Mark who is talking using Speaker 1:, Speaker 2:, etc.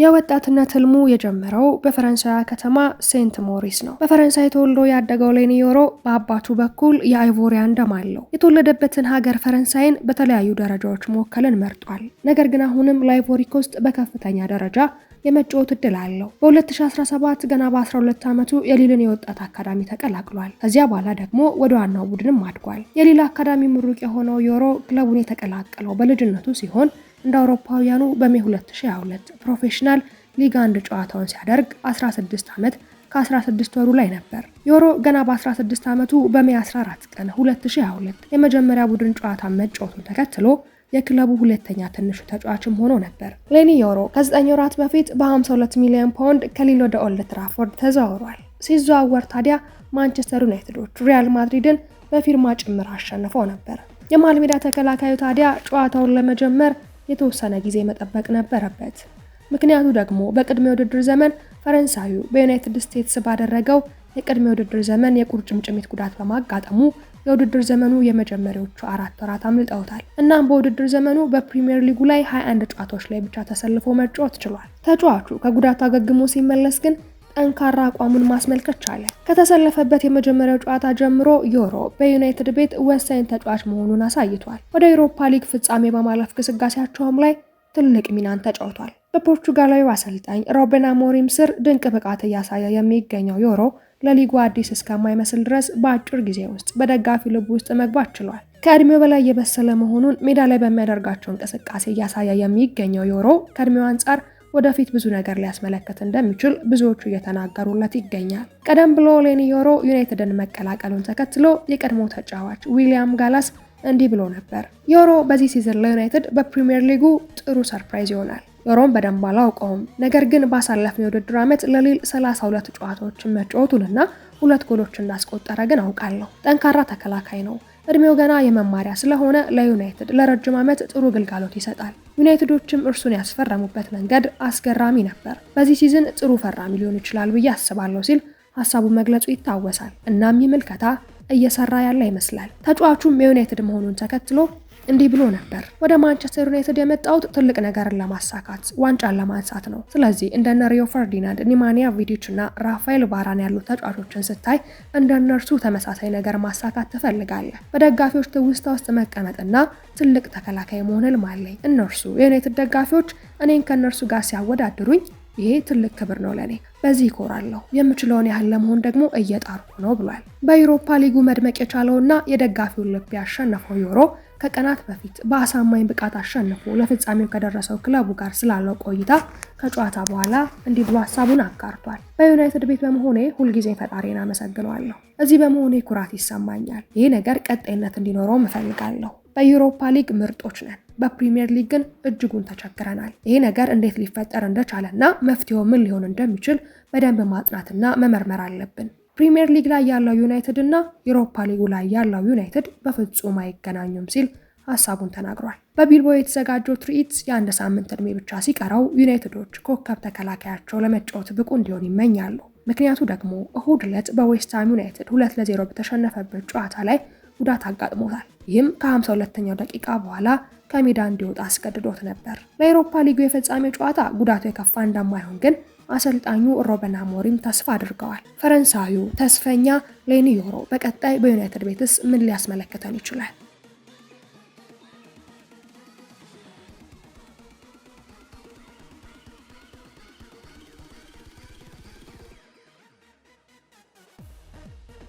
Speaker 1: የወጣትነት ህልሙ የጀመረው በፈረንሳያ ከተማ ሴንት ሞሪስ ነው። በፈረንሳይ ተወልዶ ያደገው ዮሮ በአባቱ በኩል የአይቮሪያን ደም አለው። የተወለደበትን ሀገር ፈረንሳይን በተለያዩ ደረጃዎች መወከልን መርጧል። ነገር ግን አሁንም ለአይቮሪ ኮስት በከፍተኛ ደረጃ የመጫወት እድል አለው። በ2017 ገና በ12 ዓመቱ የሊልን የወጣት አካዳሚ ተቀላቅሏል። ከዚያ በኋላ ደግሞ ወደ ዋናው ቡድንም አድጓል። የሊል አካዳሚ ምሩቅ የሆነው ዮሮ ክለቡን የተቀላቀለው በልጅነቱ ሲሆን እንደ አውሮፓውያኑ በሜ 2022 ፕሮፌሽናል ሊግ አንድ ጨዋታውን ሲያደርግ 16 ዓመት ከ16 ወሩ ላይ ነበር። ዮሮ ገና በ16 ዓመቱ በሜ 14 ቀን 2022 የመጀመሪያ ቡድን ጨዋታ መጫወቱን ተከትሎ የክለቡ ሁለተኛ ትንሹ ተጫዋችም ሆኖ ነበር። ሌኒ ዮሮ ከ9 ወራት በፊት በ52 ሚሊዮን ፓውንድ ከሊል ወደ ኦልድ ትራፎርድ ተዘዋውሯል። ሲዘዋወር ታዲያ ማንቸስተር ዩናይትዶች ሪያል ማድሪድን በፊርማ ጭምር አሸንፈው ነበር። የማልሜዳ ተከላካዩ ታዲያ ጨዋታውን ለመጀመር የተወሰነ ጊዜ መጠበቅ ነበረበት። ምክንያቱ ደግሞ በቅድመ ውድድር ዘመን ፈረንሳዩ በዩናይትድ ስቴትስ ባደረገው የቅድመ ውድድር ዘመን የቁርጭምጭሚት ጉዳት በማጋጠሙ የውድድር ዘመኑ የመጀመሪያዎቹ አራት ወራት አምልጠውታል። እናም በውድድር ዘመኑ በፕሪምየር ሊጉ ላይ 21 ጨዋታዎች ላይ ብቻ ተሰልፎ መጫወት ችሏል። ተጫዋቹ ከጉዳቱ አገግሞ ሲመለስ ግን ጠንካራ አቋሙን ማስመልከት ቻለ። ከተሰለፈበት የመጀመሪያው ጨዋታ ጀምሮ ዮሮ በዩናይትድ ቤት ወሳኝ ተጫዋች መሆኑን አሳይቷል። ወደ ኤውሮፓ ሊግ ፍጻሜ በማለፍ ግስጋሴያቸውም ላይ ትልቅ ሚናን ተጫውቷል። በፖርቹጋላዊ አሰልጣኝ ሮቤን አሞሪም ስር ድንቅ ብቃት እያሳየ የሚገኘው ዮሮ ለሊጉ አዲስ እስከማይመስል ድረስ በአጭር ጊዜ ውስጥ በደጋፊ ልብ ውስጥ መግባት ችሏል። ከእድሜው በላይ የበሰለ መሆኑን ሜዳ ላይ በሚያደርጋቸው እንቅስቃሴ እያሳየ የሚገኘው ዮሮ ከእድሜው አንጻር ወደፊት ብዙ ነገር ሊያስመለክት እንደሚችል ብዙዎቹ እየተናገሩለት ይገኛል። ቀደም ብሎ ሌኒ ዮሮ ዩናይትድን መቀላቀሉን ተከትሎ የቀድሞ ተጫዋች ዊሊያም ጋላስ እንዲህ ብሎ ነበር። ዮሮ በዚህ ሲዝን ለዩናይትድ በፕሪምየር ሊጉ ጥሩ ሰርፕራይዝ ይሆናል። ዮሮም በደንብ አላውቀውም፣ ነገር ግን ባሳለፍነው የውድድር ዓመት ለሊል 32 ጨዋታዎችን መጫወቱንና ሁለት ጎሎች እንዳስቆጠረ ግን አውቃለሁ። ጠንካራ ተከላካይ ነው። እድሜው ገና የመማሪያ ስለሆነ ለዩናይትድ ለረጅም ዓመት ጥሩ ግልጋሎት ይሰጣል። ዩናይትዶችም እርሱን ያስፈረሙበት መንገድ አስገራሚ ነበር። በዚህ ሲዝን ጥሩ ፈራሚ ሊሆን ይችላል ብዬ አስባለሁ ሲል ሀሳቡ መግለጹ ይታወሳል። እናም ይህ ምልከታ እየሰራ ያለ ይመስላል። ተጫዋቹም የዩናይትድ መሆኑን ተከትሎ እንዲህ ብሎ ነበር፣ ወደ ማንቸስተር ዩናይትድ የመጣሁት ትልቅ ነገርን ለማሳካት ዋንጫን ለማንሳት ነው። ስለዚህ እንደነ ሪዮ ፈርዲናንድ፣ ኒማኒያ ቪዲች እና ራፋኤል ቫራን ያሉ ተጫዋቾችን ስታይ እንደ ተመሳሳይ ነገር ማሳካት ትፈልጋለህ። በደጋፊዎች ትውስታ ውስጥ መቀመጥና ትልቅ ተከላካይ መሆን ልማለኝ። እነርሱ የዩናይትድ ደጋፊዎች እኔን ከእነርሱ ጋር ሲያወዳድሩኝ ይሄ ትልቅ ክብር ነው ለኔ። በዚህ ይኮራለሁ። የምችለውን ያህል ለመሆን ደግሞ እየጣርኩ ነው ብሏል። በዩሮፓ ሊጉ መድመቅ የቻለውና የደጋፊውን ልብ ያሸነፈው ዩሮ ከቀናት በፊት በአሳማኝ ብቃት አሸንፎ ለፍጻሜው ከደረሰው ክለቡ ጋር ስላለው ቆይታ ከጨዋታ በኋላ እንዲህ ብሎ ሀሳቡን አጋርቷል። በዩናይትድ ቤት በመሆኔ ሁልጊዜ ፈጣሪን አመሰግነዋለሁ። እዚህ በመሆኔ ኩራት ይሰማኛል። ይህ ነገር ቀጣይነት እንዲኖረውም እፈልጋለሁ። በዩሮፓ ሊግ ምርጦች ነን፣ በፕሪምየር ሊግ ግን እጅጉን ተቸግረናል። ይህ ነገር እንዴት ሊፈጠር እንደቻለና መፍትሄው ምን ሊሆን እንደሚችል በደንብ ማጥናትና መመርመር አለብን። ፕሪምየር ሊግ ላይ ያለው ዩናይትድ እና ዩሮፓ ሊጉ ላይ ያለው ዩናይትድ በፍጹም አይገናኙም ሲል ሀሳቡን ተናግሯል። በቢልቦ የተዘጋጀው ትርኢት የአንድ ሳምንት ዕድሜ ብቻ ሲቀረው ዩናይትዶች ኮከብ ተከላካያቸው ለመጫወት ብቁ እንዲሆን ይመኛሉ። ምክንያቱ ደግሞ እሁድ ዕለት በዌስትሃም ዩናይትድ ሁለት ለዜሮ በተሸነፈበት ጨዋታ ላይ ጉዳት አጋጥሞታል። ይህም ከ52ኛው ደቂቃ በኋላ ከሜዳ እንዲወጣ አስገድዶት ነበር። ለአውሮፓ ሊጉ የፍጻሜ ጨዋታ ጉዳቱ የከፋ እንደማይሆን ግን አሰልጣኙ ሮበን አሞሪም ተስፋ አድርገዋል። ፈረንሳዩ ተስፈኛ ሌኒ ዮሮ በቀጣይ በዩናይትድ ቤትስ ምን ሊያስመለክተን ይችላል?